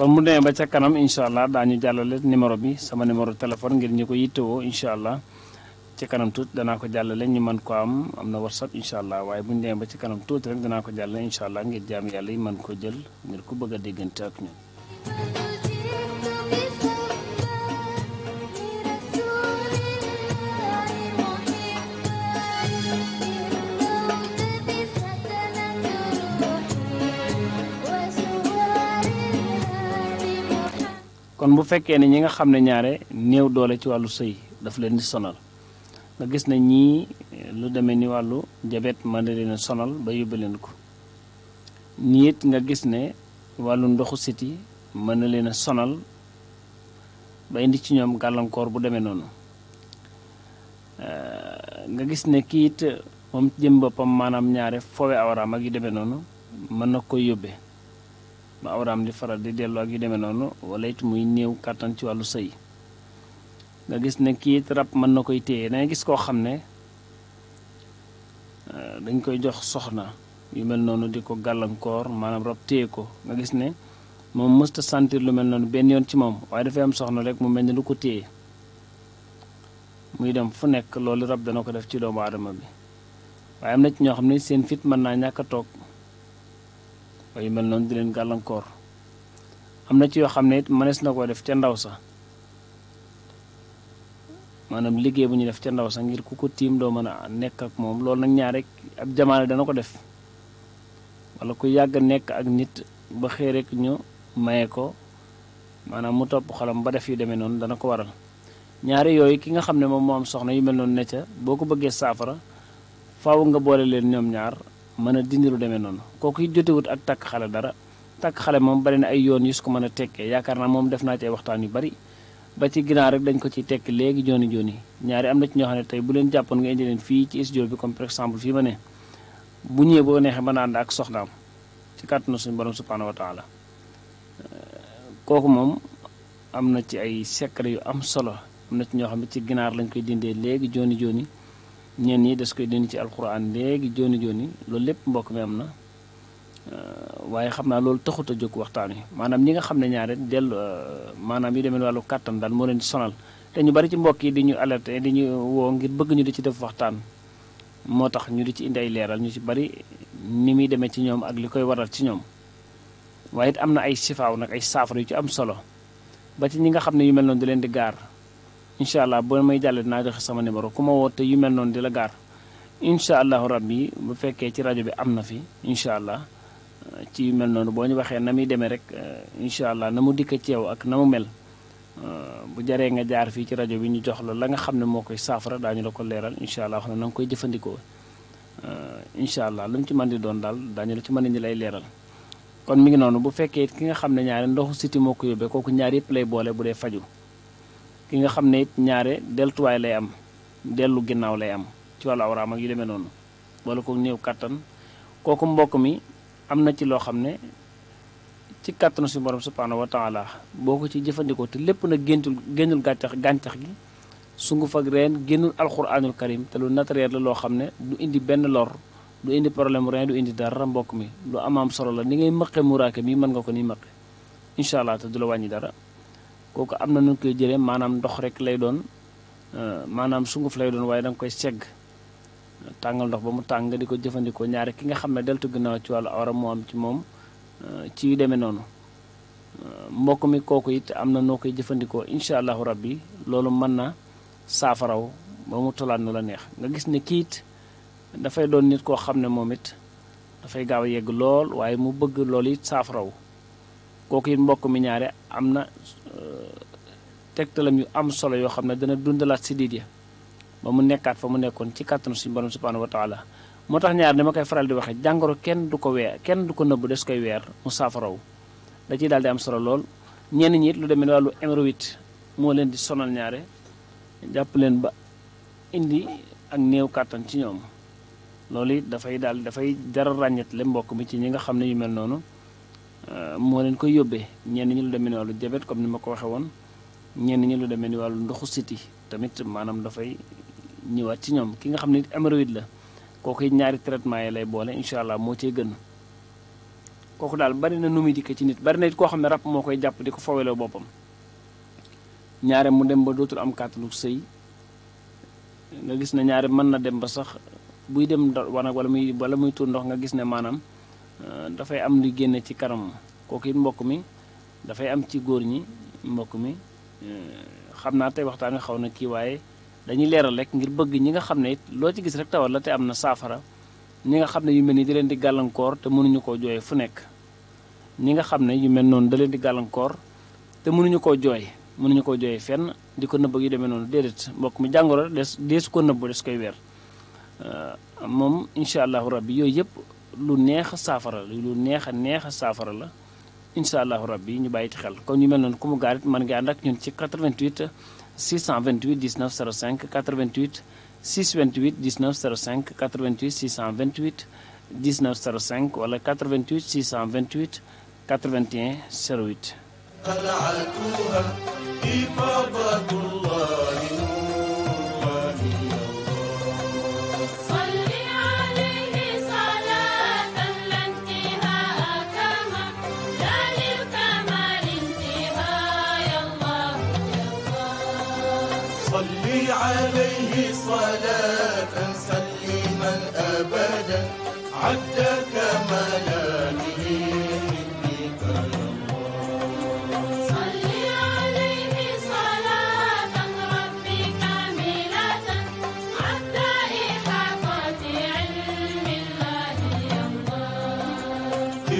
kon mu demee ba ca kanam incha allah daañu jàllale numéro bi sama numéro téléphone ngir ñu ko yittewoo incha allah ci kanam tuuti danaa ko jàllale ñi mën ko am am na whatsapp incha allah waaye mu ñu demee ba ci kanam tuuti rek danaa ko jàllale incha allah ngir jaam yàlla yi mën ko jël ngir ku bëgg a déggante ak ñun. kon bu fekkee ne ñi nga xam ne ñaare néew doole ci wàllu sëy daf leen di sonal nga gis na ñii eh, lu demee ni wàllu jabet mën na leen sonal ba yóbbu leen ko ñii nga gis ne wàllu ndoxu siti mën na leen a sonal ba indi ci ñoom gàllankoor bu demee noonu eh, nga gis ne kii it moom jëm boppam maanaam ñaare foowe awraam ak yu demee noonu mën na koy yóbbee ba awraam di faral di dellu ak yu demee noonu wala it muy néew kàttan ci wàllu sëy nga gis ne kii rab mën na koy téye danga gis koo xam ne euh, dañ koy jox soxna yu mel noonu di ko gàllankoor maanaam rab téye ko nga gis ne moom mësta sentir lu mel noonu benn yoon ci moom waaye dafay am soxna rek mu mel ne lu ko téye muy dem fu nekk loolu rab dana ko def ci doomu aadama bi waaye am na ci ñoo xam ne seen fit mën naa ñàkk a toog waaye yu mel noonu di leen gàllankoor am na ci yoo xam ne it mënees na koo def ca ndaw sa maanaam liggéey bu ñu def ca ndaw sa ngir ku ko tiim doo mën a nekk ak moom loolu nag ñaar ab jamaane dana ko def wala ku yàgg nekk ak nit ba xëy rek maye ko maanaam mu topp xolam ba def yu demee noonu dana ko waral ñaari yooyu ki nga xam ne moom moo am soxna yu mel noonu ne ca boo ko bëggee saafara faaw nga boole leen ñoom ñaar mën a dindi lu demee noonu kooku it jotewut ak takk xale dara takk xale moom bari na ay yoon yu su ko mën a tekkee yaakaar naa moom def naa ci ay yu bari ba ci ginnaaw rek dañ ko ci tekki léegi jooni jooni ñaari am na ci ñoo xam ne tey bu leen jàppoon nga indi leen fii ci studio bi comme par exemple fii ma ne bu ñëwee boo neexee ba a ànd ak soxnaam ci kàttanu suñu borom subhanahu wa taala kooku moom am na ci ay secret yu am solo am na ci ñoo xam ne ci ginaar lañ koy dindee léegi jooni jooni ñeen ñi des koy dindi ci alxuraan léegi joni joni loolu lépp mbokk mi am na euh, waaye xam naa loolu taxut a jóg waxtaan wi maanaam ñi nga xam ne ñaare dellu euh, maanaam deme demee wàllu kàttan daal moo leen di sonal te ñu bari ci mbokk yi di ñu alerté di ñu woo ngir bëgg ñu di ci def waxtaan moo tax ñu di ci indi ay leeral ñu ci bari ni muy demee ci ñoom ak li koy waral ci ñoom waaye it am na ay sifaaw nag ay saafara yu ci am solo ba ci ñi nga xam ne yu mel noonu di leen di gaar incha allah boo may jàlle dinaa joxe sama numéro ku ma woo te yu mel noonu di la gaar incha rab rabbi bu fekkee ci rajo bi am na fi incha allah ci yu mel noonu boo ñu waxee na muy demee rek eh, incha allah na mu dikk ci ak na mu mel eh, bu jaree nga jaar fii ci rajo bi ñu jox la la nga xam ne moo koy saafara daañu la ko leeral incha allah wax na na nga koy jëfandikoo eh, incha allah lu mu ci mën di doon daal daañu la ci mën di ñu lay leeral kon mu ngi noonu bu fekkee ki nga xam ne ñaari ndoxu siti moo ko kooku ñaar lay boole bu dee faju ki nga xam ne it ñaare deltuwaay lay am dellu ginnaaw lay am ci wàllu awraam ak yu demee noonu walla ko néew kàttan kooku mbokk mi am na ci loo xam ne ci kàttanu suñu borom subhaanahu wa taala boo ko ci jëfandikoo te lépp nag géntul génnul gàncax gàncax gi sunguf ak reen génnul alxuraanul karim te lu naturel la loo xam ne du indi benn lor du indi problème reen du indi dara mbokk mi lu amaam solo la ni ngay mëqe muraake mi mën nga ko ni mëqe incha allah te la wàññi dara kooku am na nu koy jëlee maanaam ndox rek lay doon euh, maanaam sunguf lay doon waaye danga koy segg tàngal ndox ba mu tàng di ko jëfandikoo ñaari ki nga xam ne deltu ginnaaw ci wàllu awra ci moom euh, ci demee noonu euh, mbokk mi kooku it am na noo koy jëfandikoo incha allahu rabbi loolu mën na saafaraw ba mu neex nga gis ne kiit dafay doon nit koo xam ne moom it dafay gaaw yegg lool waaye mu bëgg loolu it saafaraw kooku it mbokk mi ñaare am na tegtalam yu am solo yoo xam ne dana dundalaat si diid ya ba mu nekkaat fa mu nekkoon ci kàttanu suñu borom subhanahu wa taala moo tax ñaar dama koy faral di waxee jàngoro kenn du ko weer kenn du ko nëbb des koy weer mu saafarawu da ciy daal di am solo lool ñenn lu it lu demee wàllu hémorroïde moo leen di sonal ñaare jàpp leen ba indi ak néew kàttan ci ñoom loolu it dafay daal dafay dara ràññetle mbokk mi ci ñi nga xam ne yu mel noonu Euh, moo leen koy yóbbee ñenn ñi lu demee ni wàllu diabète comme ni ma ko waxee woon ñenn ñi lu demee ni wàllu ndoxu siti tamit maanaam dafay ñëwaat ci ñoom ki nga xam ne hémorroïde la kooku ñaari traitement yi lay boole incha allah moo cee gën kooku daal bari na nu muy dikkee ci nit bari na it koo xam ne rab moo koy jàpp di ko foweloo boppam ñaare mu dem ba dootul am kàttanu sëy nga gis ne ñaare mën na dem ba sax buy dem wanag wala muy wala muy tuur ndox nga gis ne maanaam Euh, dafay am lu génne ci kanam kooku it mbokk mi dafay am ci góor ñi mbokk mi euh, xam naa tey waxtaan wi xaw na kii waaye dañuy leeral rek ngir bëgg ñi nga xam ne it loo ci gis rek te am na saafara ñi nga xam ne yu mel ni da leen di gàllankoor te mënuñu koo jooy fu nekk ñi nga xam ne yu mel noonu da leen di gàllankoor te mënuñu koo jooy mënuñu koo jooy fenn di ko nëbb yu demee noonu déedéet mbokk mi jàngoro des deesu ko nëbb des koy weer euh, moom incha allahu rabbi yooyu yëpp lu neex a saafara la lu neex a neex a saafara la incha allahu rabbi ñu bàyyi ti xel kon ñu mel noonu ku mu gaarit mën nga ànd ak ñun ci 88 628 19 05 88 628 vingt 05 88 628 19 05 wala 88 628 81 08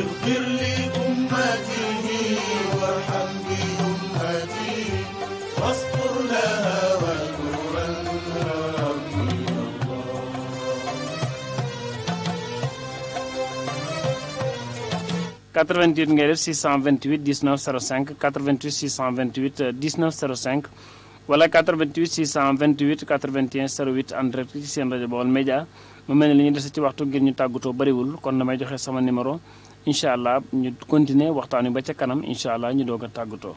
اغفر لأمته وارحم بأمتي واستر لها ونورا ربي الله quatre-vingt-huit ngay def 628 19 05 88 628 19 05 wala 88 628 81 08 en direct ci seen rajo Baol Média mu mel ne li ñu dese ci waxtu ngir ñu tàggatoo bariwul kon damay joxe sama numéro incha allah ñu continuer waxtaan wi ba ca kanam incha allah ñu doog a tàggatoo.